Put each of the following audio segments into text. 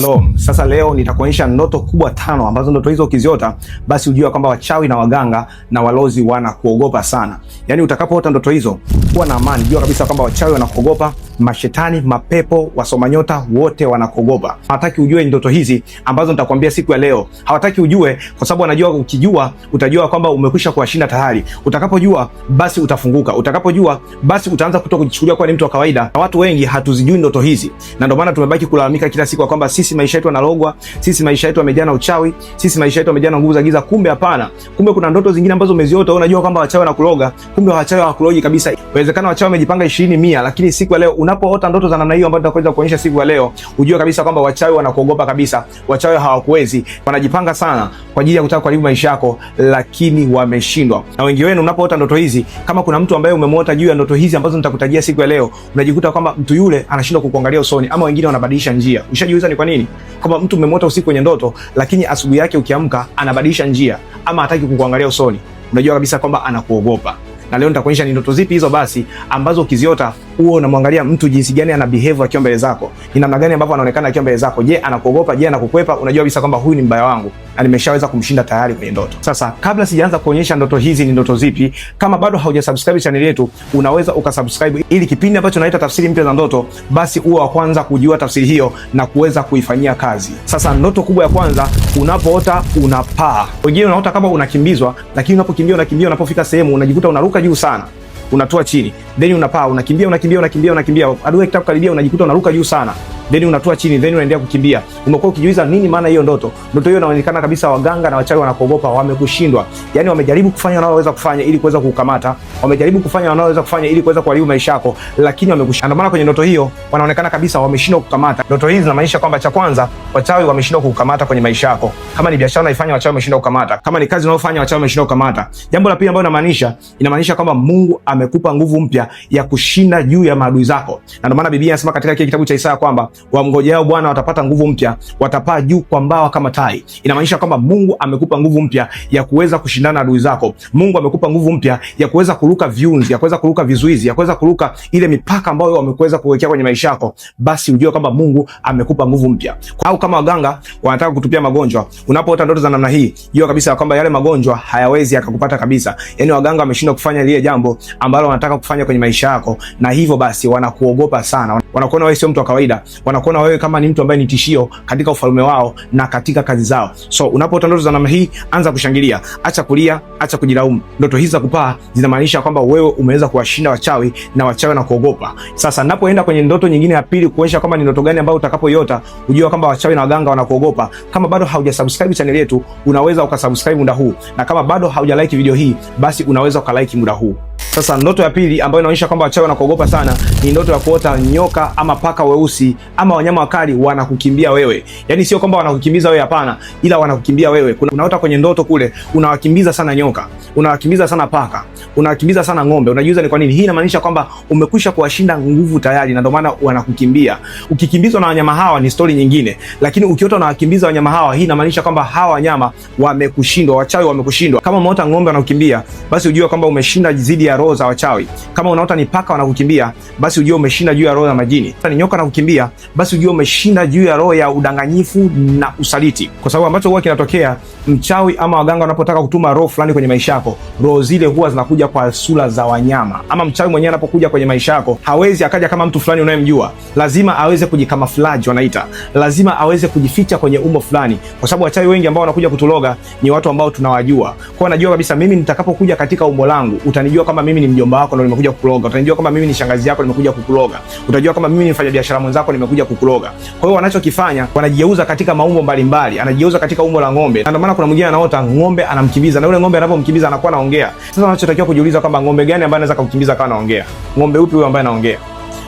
Shalom. Sasa leo nitakuonyesha ndoto kubwa tano ambazo ndoto hizo ukiziota basi ujue kwamba wachawi na waganga na walozi wanakuogopa sana. Yaani utakapoota ndoto hizo, kuwa na amani, jua kabisa kwamba wachawi wanakuogopa mashetani, mapepo, wasomanyota wote wanakuogopa. Hawataki ujue ndoto hizi ambazo nitakwambia siku ya leo, hawataki ujue kwa sababu wanajua ukijua, utajua kwamba umekwisha kuwashinda tayari. Utakapojua basi utafunguka, utakapojua basi utaanza kutoka kujichukulia kuwa ni mtu wa kawaida, na watu wengi hatuzijui ndoto hizi, na ndio maana tumebaki kulalamika kila siku kwamba sisi maisha yetu yanalogwa, sisi maisha yetu yamejaa na uchawi, sisi maisha yetu yamejaa na nguvu za giza. Kumbe hapana, kumbe kuna ndoto zingine ambazo umeziota, unajua kwamba wachawi wanakuloga, kumbe wachawi hawakulogi kabisa. Inawezekana wachawi wamejipanga 20 100 lakini siku ya leo unapoota ndoto za namna hiyo ambayo tutakwenda kuonyesha siku ya leo, ujue kabisa kwamba wachawi wanakuogopa kabisa. Wachawi hawakuwezi, wanajipanga sana kwa ajili ya kutaka kuharibu maisha yako, lakini wameshindwa. Na wengi wenu unapoota ndoto hizi, kama kuna mtu ambaye umemwota juu ya ndoto hizi ambazo nitakutajia siku ya leo, unajikuta kwamba mtu yule anashindwa kukuangalia usoni, ama wengine wanabadilisha njia. Ushajiuliza ni kwa nini? Kwamba mtu umemwota usiku kwenye ndoto, lakini asubuhi yake ukiamka anabadilisha njia, ama hataki kukuangalia usoni, unajua kabisa kwamba anakuogopa na leo nitakuonyesha ni ndoto zipi hizo basi ambazo ukiziota huo unamwangalia mtu jinsi gani ana behave akiwa mbele zako, ni namna gani ambavyo anaonekana akiwa mbele zako. Je, anakuogopa? Je, anakukwepa? Unajua kabisa kwamba huyu ni mbaya wangu na nimeshaweza kumshinda tayari kwenye ndoto. Sasa kabla sijaanza kuonyesha ndoto hizi ni ndoto zipi, kama bado haujasubscribe channel yetu, unaweza ukasubscribe ili kipindi ambacho naita tafsiri mpya za ndoto, basi uwe wa kwanza kujua tafsiri hiyo na kuweza kuifanyia kazi. Sasa ndoto kubwa ya kwanza, unapoota unapaa. Wengine unaota kama unakimbizwa, lakini unapokimbia unakimbia, unapofika sehemu unajikuta unaruka juu sana, unatua chini then unapaa unakimbia unakimbia unakimbia unakimbia, adui akitaka kukaribia unajikuta unaruka juu sana, then unatua chini, then unaendelea kukimbia. Umekuwa ukijiuliza nini maana hiyo ndoto? Ndoto hiyo inaonekana kabisa, waganga na wachawi wanakuogopa, wamekushindwa. Yani wamejaribu kufanya wanaoweza kufanya ili kuweza kukamata, wamejaribu kufanya wanaoweza kufanya ili kuweza kuharibu maisha yako, lakini wamekushinda. Ndio maana kwenye ndoto hiyo wanaonekana kabisa wameshindwa kukamata. Ndoto hizi zinamaanisha kwamba, cha kwanza, wachawi wameshindwa kukamata kwenye maisha yako. Kama ni biashara unaifanya, wachawi wameshindwa kukamata. Kama ni kazi unayofanya, wachawi wameshindwa kukamata. Jambo la pili ambalo inamaanisha, inamaanisha kwamba Mungu amekupa nguvu mpya ya kushinda juu ya maadui zako. Na ndio maana Biblia inasema katika kile kitabu cha Isaya kwamba wamngojao Bwana watapata nguvu mpya, watapaa juu kwa mbawa kama tai. Inamaanisha kwamba Mungu amekupa nguvu mpya ya kuweza kushindana na adui zako. Mungu amekupa nguvu mpya ya kuweza kuruka viunzi, ya kuweza kuruka vizuizi, ya kuweza kuruka ile mipaka ambayo wamekuweza kuwekea kwenye maisha yako. Basi ujue kwamba Mungu amekupa nguvu mpya. Au kama waganga wanataka kutupia magonjwa, unapoota ndoto za namna hii, jua kabisa kwamba yale magonjwa hayawezi yakakupata kabisa. Yaani waganga wameshindwa kufanya lile jambo ambalo wanataka kufanya kwenye kwenye maisha yako, na hivyo basi wanakuogopa sana, wanakuona wewe sio mtu wa kawaida, wanakuona wewe kama ni mtu ambaye ni tishio katika ufalme wao na katika kazi zao. So unapoota ndoto za namna hii, anza kushangilia, acha kulia, acha kujilaumu. Ndoto hizi za kupaa zinamaanisha kwamba wewe umeweza kuwashinda wachawi na wachawi na kuogopa. Sasa napoenda kwenye ndoto nyingine ya pili kuonyesha kwamba ni ndoto gani ambayo utakapoiota, ujue kwamba wachawi na waganga wanakuogopa. Kama bado haujasubscribe channel yetu, unaweza ukasubscribe muda huu, na kama bado haujalike video hii, basi unaweza ukalike muda huu. Sasa ndoto ya pili ambayo inaonyesha kwamba wachawi wanakuogopa sana ni ndoto ya kuota nyoka ama paka weusi ama wanyama wakali wanakukimbia wewe. Yaani sio kwamba wanakukimbiza wewe, hapana, ila wanakukimbia wewe. Kuna unaota kwenye ndoto kule, unawakimbiza sana nyoka, unawakimbiza sana paka, unawakimbiza sana ng'ombe. Unajiuliza ni kwa nini? Hii inamaanisha kwamba umekwisha kuwashinda nguvu tayari na ndio maana wanakukimbia. Ukikimbizwa na wanyama hawa ni stori nyingine, lakini ukiota unawakimbiza wanyama hawa, hii inamaanisha kwamba hawa wanyama wamekushindwa, wachawi wamekushindwa. Kama umeota ng'ombe wanakukimbia, basi ujue kwamba umeshinda zidi ya roho za wachawi. Kama unaota ni paka wanakukimbia, basi ujue umeshinda juu ya roho ya majini. Kama Ni nyoka anakukimbia, basi ujue umeshinda juu ya roho ya udanganyifu na usaliti, kwa sababu ambacho huwa kinatokea mchawi ama waganga wanapotaka kutuma roho fulani kwenye maisha yako, roho zile huwa zinakuja kwa sura za wanyama, ama mchawi mwenyewe anapokuja kwenye maisha yako hawezi akaja kama mtu fulani unayemjua, lazima aweze kujikamaflaji wanaita, lazima aweze kujificha kwenye umbo fulani, kwa sababu wachawi wengi ambao wanakuja kutuloga ni watu ambao tunawajua, kwao, anajua kabisa mimi nitakapokuja katika umbo langu utanijua kama mimi mimi ni mjomba wako ndo nimekuja kukuloga, Utajua kama mimi ni shangazi yako nimekuja kukuloga, utajua kama mimi ni mfanyabiashara mwenzako nimekuja kukuloga. Kwa hiyo wanachokifanya wanajigeuza katika maumbo mbalimbali, anajigeuza katika umbo la ng'ombe, na ndio maana kuna mwingine anaota ng'ombe anamkimbiza, na yule ng'ombe anapomkimbiza anakuwa anaongea. Sasa wanachotakiwa kujiuliza kwamba ng'ombe gani ambaye anaweza kukimbiza akawa anaongea, ng'ombe upi huyo ambaye anaongea?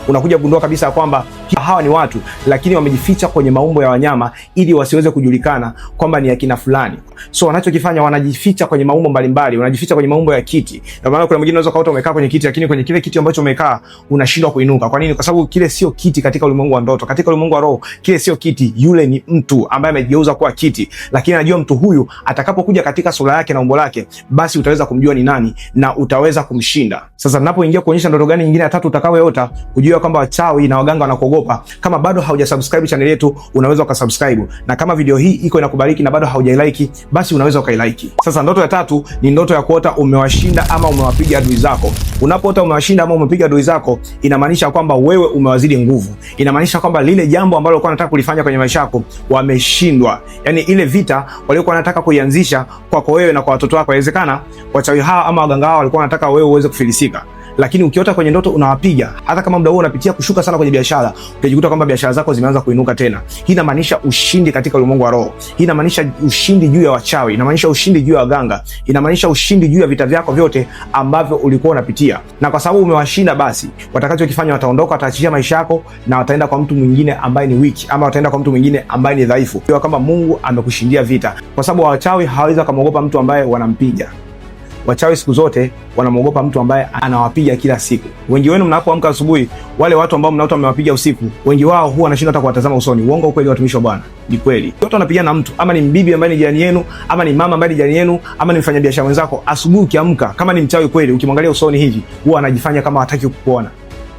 unakuja kugundua kabisa kwamba hawa ni watu, lakini wamejificha kwenye maumbo ya wanyama ili wasiweze kujulikana kwamba ni akina fulani. So wanachokifanya wanajificha kwenye maumbo mbalimbali, wanajificha kwenye maumbo ya kiti. Na maana kuna mwingine unaweza kukuta umekaa kwenye kiti, lakini kwenye kile kiti ambacho umekaa unashindwa kuinuka. Kwa nini? Kwa sababu kile sio kiti katika ulimwengu wa ndoto, katika ulimwengu wa roho kile sio kiti. Yule ni mtu ambaye amejigeuza kuwa kiti, lakini anajua mtu huyu atakapokuja katika sura yake na umbo lake, basi utaweza kumjua ni nani na utaweza kumshinda. Sasa ninapoingia kuonyesha ndoto gani nyingine ya tatu utakayoota, kujua unafikiria kwamba wachawi na waganga wanakuogopa, kama bado haujasubscribe channel yetu, unaweza ukasubscribe, na kama video hii iko inakubariki na bado haujailike, basi unaweza ukailike. Sasa ndoto ya tatu ni ndoto ya kuota umewashinda ama umewapiga adui zako. Unapoota umewashinda ama umepiga adui zako, inamaanisha kwamba wewe umewazidi nguvu, inamaanisha kwamba lile jambo ambalo ulikuwa unataka kulifanya kwenye maisha yako wameshindwa, yani ile vita waliokuwa wanataka kuianzisha kwako wewe na kwa watoto wako, inawezekana wachawi hawa ama waganga hawa walikuwa wanataka wewe uweze kufilisika lakini ukiota kwenye ndoto unawapiga, hata kama muda huo unapitia kushuka sana kwenye biashara, ukijikuta kwamba biashara zako zimeanza kuinuka tena. Hii inamaanisha ushindi katika ulimwengu wa roho. Hii inamaanisha ushindi juu ya wachawi, inamaanisha ushindi juu ya waganga, inamaanisha ushindi juu ya vita vyako vyote ambavyo ulikuwa unapitia. Na kwa sababu umewashinda, basi watakachokifanya wataondoka, wataachia maisha yako na wataenda kwa mtu mwingine ambaye ni wiki, ama wataenda kwa mtu mwingine ambaye ni dhaifu, kwa kwamba Mungu amekushindia vita, kwa sababu wachawi hawawezi wakamwogopa mtu ambaye wanampiga. Wachawi siku zote wanamwogopa mtu ambaye anawapiga kila siku. Wengi wenu mnapoamka asubuhi, wale watu ambao mnaota wamewapiga usiku, wengi wao huwa wanashindwa hata kuwatazama usoni. Uongo kweli, watumishi wa Bwana? Ni kweli, wote wanapigana na mtu, ama ni mbibi ambaye ni jirani yenu, ama ni mama ambaye ni jirani yenu, ama ni mfanyabiashara mwenzako. Asubuhi ukiamka, kama ni mchawi kweli, ukimwangalia usoni hivi, huwa anajifanya kama hataki kukuona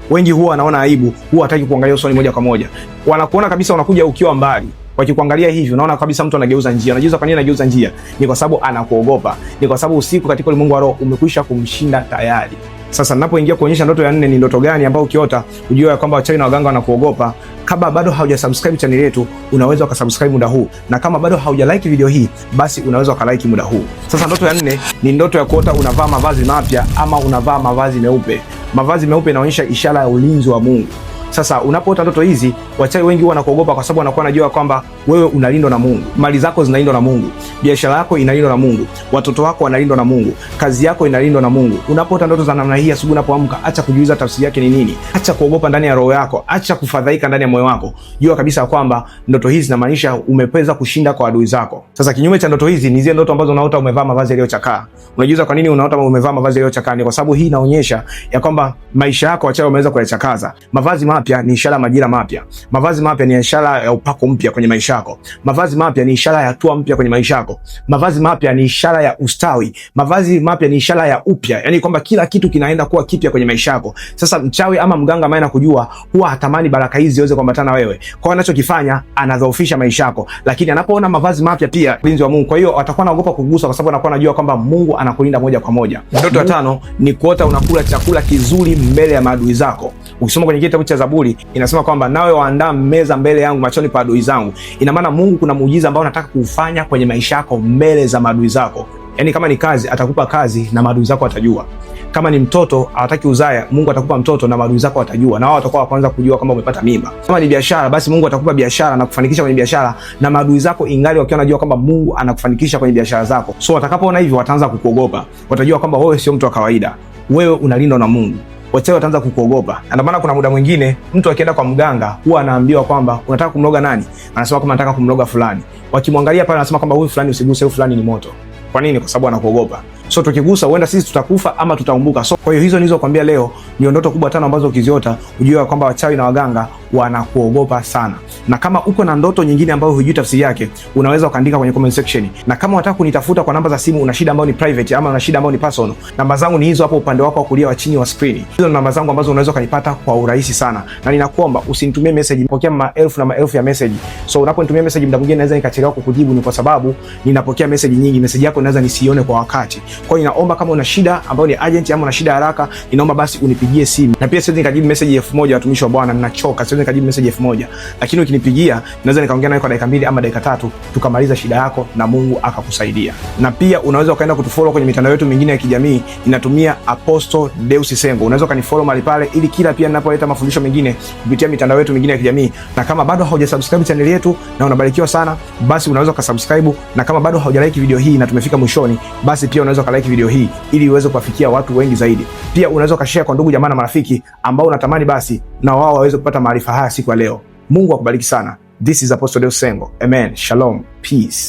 wengi huwa wanaona aibu, huwa hataki kuangalia usoni moja kwa moja, wanakuona kabisa, wanakuja ukiwa mbali. Wakikuangalia hivi, unaona kabisa mtu anageuza njia. Unajiuliza kwa nini anageuza njia? Ni kwa sababu anakuogopa, ni kwa sababu usiku katika ulimwengu wa roho umekwisha kumshinda tayari. Sasa ninapoingia kuonyesha ndoto ya nne ni ndoto gani ambayo ukiota ujue kwamba wachawi na waganga wanakuogopa. Kama bado haujasubscribe channel yetu, unaweza ukasubscribe muda huu, na kama bado haujalike video hii, basi unaweza ukalike muda huu. Sasa ndoto ya nne ni ndoto ya kuota unavaa mavazi mapya ama unavaa mavazi meupe. Mavazi meupe inaonyesha ishara ya ulinzi wa Mungu. Sasa unapoota ndoto hizi, wachawi wengi huwa wanakuogopa kwa sababu wanakuwa wanajua kwamba wewe unalindwa na Mungu, mali zako zinalindwa na Mungu, biashara yako inalindwa na Mungu, watoto wako wanalindwa na Mungu, kazi yako inalindwa na Mungu. Unapoota ndoto za namna hii, asubuhi unapoamka, acha kujiuliza tafsiri yake ni nini, acha kuogopa ndani ya roho yako, acha kufadhaika ndani ya moyo wako. Jua kabisa kwamba ndoto hizi zinamaanisha umepeza kushinda kwa adui zako. Sasa kinyume cha ndoto hizi ni zile ndoto ambazo unaota umevaa mavazi yaliyochakaa. Unajiuliza kwa nini unaota umevaa mavazi yaliyochakaa? Ni kwa sababu hii inaonyesha ya kwamba maisha yako wachawi wameweza kuyachakaza mavazi ma mapya ni ishara ya majira mapya. Mavazi mapya ni ishara ya upako mpya kwenye maisha yako. Mavazi mapya ni ishara ya hatua mpya kwenye maisha yako. Mavazi mapya ni ishara ya ustawi. Mavazi mapya ni ishara ya upya, yani kwamba kila kitu kinaenda kuwa kipya kwenye maisha yako. Sasa mchawi ama mganga ambaye anakujua huwa hatamani baraka hizi ziweze kuambatana wewe, kwa anachokifanya anadhoofisha maisha yako, lakini anapoona mavazi mapya pia ulinzi wa Mungu. Kwa hiyo atakuwa anaogopa kugusa, kwa sababu anakuwa anajua kwamba Mungu anakulinda moja kwa moja. Ndoto ya tano ni kuota unakula chakula kizuri mbele ya maadui zako. Ukisoma kwenye kitabu cha Zaburi inasema kwamba nawe waandaa meza mbele yangu machoni pa adui zangu. Ina maana Mungu kuna muujiza ambao nataka kuufanya kwenye maisha yako mbele za maadui zako. Yaani kama ni kazi atakupa kazi na maadui zako watajua. Kama ni mtoto hawataki uzaya, Mungu atakupa mtoto na maadui zako watajua, na wao watakuwa wa kwanza kujua kama umepata mimba. Kama ni biashara, basi Mungu atakupa biashara na kufanikisha kwenye biashara, na maadui zako ingali wakiwa wanajua kwamba Mungu anakufanikisha kwenye biashara zako. So watakapoona hivyo, wataanza kukuogopa, watajua kwamba wewe sio mtu wa kawaida, wewe unalindwa na Mungu wachawi wataanza kukuogopa. Na ndio maana kuna muda mwingine mtu akienda kwa mganga huwa anaambiwa kwamba unataka kumloga nani? Anasema kwamba nataka kumloga fulani. Wakimwangalia pale anasema kwamba huyu fulani usiguse, huyu fulani ni moto. Kwa nini? Kwa sababu anakuogopa. So tukigusa huenda sisi tutakufa ama tutaumbuka. So kwa hiyo hizo nilizokuambia leo ndio ndoto kubwa tano ambazo ukiziota ujue kwamba wachawi na waganga wanakuogopa sana. Na kama uko na ndoto nyingine ambayo hujui tafsiri yake, unaweza ukaandika kwenye comment section. Na kama unataka kunitafuta kwa namba za simu, una shida ambayo ni private ama una shida ambayo ni personal, namba zangu ni hizo hapo upande wako wa kulia wa chini wa screen. Hizo ni namba zangu ambazo unaweza ukanipata kwa urahisi sana. Na ninakuomba usinitumie message, napokea maelfu na maelfu ya message. So unaponitumia message, mda mwingine naweza nikachelewa kukujibu, ni kwa sababu ninapokea message nyingi, message yako naweza nisione kwa wakati. Kwa hiyo inaomba kama una shida ambayo ni urgent ama una shida haraka, ninaomba basi unipigie simu. Na pia siwezi nikajibu message elfu moja watumishi wa Bwana, ninachoka, siwezi nikajibu message elfu moja lakini ukinipigia naweza nikaongea nawe kwa dakika mbili ama dakika tatu tukamaliza shida yako na Mungu akakusaidia. Na pia unaweza ukaenda kutufollow kwenye mitandao yetu mingine ya kijamii, ninatumia Apostle Deus Sengo. Unaweza ukanifollow mahali pale, ili kila pia ninapoleta mafundisho mengine kupitia mitandao yetu mingine ya kijamii. Na kama bado haujasubscribe channel yetu na unabarikiwa sana, basi unaweza ukasubscribe, na kama bado haujalike video hii na tumefika mwishoni, basi pia unaweza ukalike video hii ili iweze kuwafikia watu wengi zaidi. Pia unaweza ukashare kwa ndugu jamaa na marafiki ambao unatamani basi na wao waweze kupata maarifa haya siku ya leo. Mungu akubariki sana. This is Apostle Deusi Sengo. Amen. Shalom. Peace.